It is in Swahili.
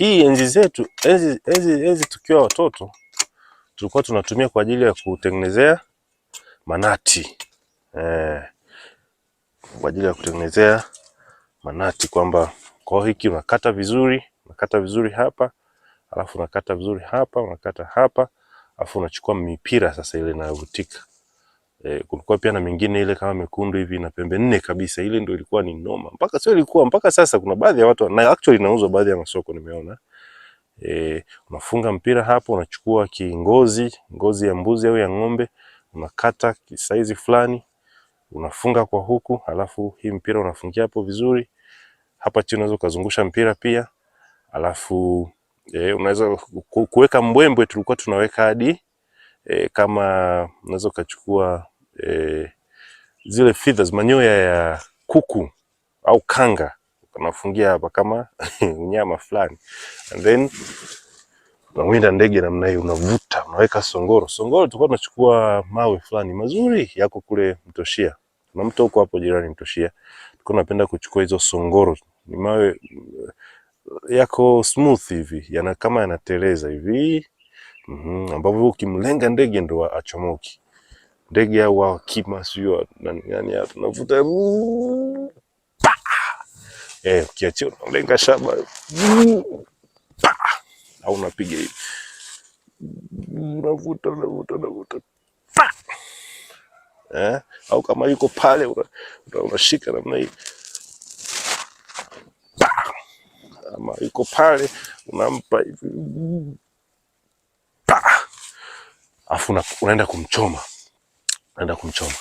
Hii enzi zetu, enzi, enzi, enzi tukiwa watoto tulikuwa tunatumia kwa ajili ya kutengenezea manati eh, kwa ajili ya kutengenezea manati kwamba kwa hiki unakata vizuri, unakata vizuri hapa, alafu unakata vizuri hapa, unakata hapa, alafu unachukua mipira sasa ile inayovutika E, kulikuwa pia na mingine ile kama mekundu hivi na pembe nne kabisa, ile ndio ilikuwa ni noma mpaka sio ilikuwa mpaka sasa kuna baadhi ya watu na actually inauzwa baadhi ya masoko nimeona. E, unafunga mpira hapo, unachukua kingozi, ngozi ya mbuzi au ya ng'ombe, unakata saizi fulani, unafunga kwa huku, alafu hii mpira unafungia hapo vizuri. Hapa chini unaweza kuzungusha mpira pia, alafu e, unaweza kuweka mbwembwe, tulikuwa tunaweka hadi e, kama unaweza ukachukua eh, zile feathers manyoya ya kuku au kanga unafungia hapa kama unyama fulani, and then unawinda ndege namna hiyo, unavuta unaweka songoro. Songoro tulikuwa tunachukua mawe fulani mazuri yako kule Mtoshia, na mto uko hapo jirani Mtoshia, tulikuwa tunapenda kuchukua hizo songoro, ni mawe yako smooth hivi, yana kama yanateleza hivi mm -hmm. ukimlenga ndege ndo achomoki ndege au kima sio nani gani hapo, tunavuta eh, ukiachia unalenga shaba au unapiga hivi, unavuta unavuta unavuta eh, au kama yuko pale unashika namna hii ama yuko pale unampa hivi, afu unaenda kumchoma naenda kumchoma.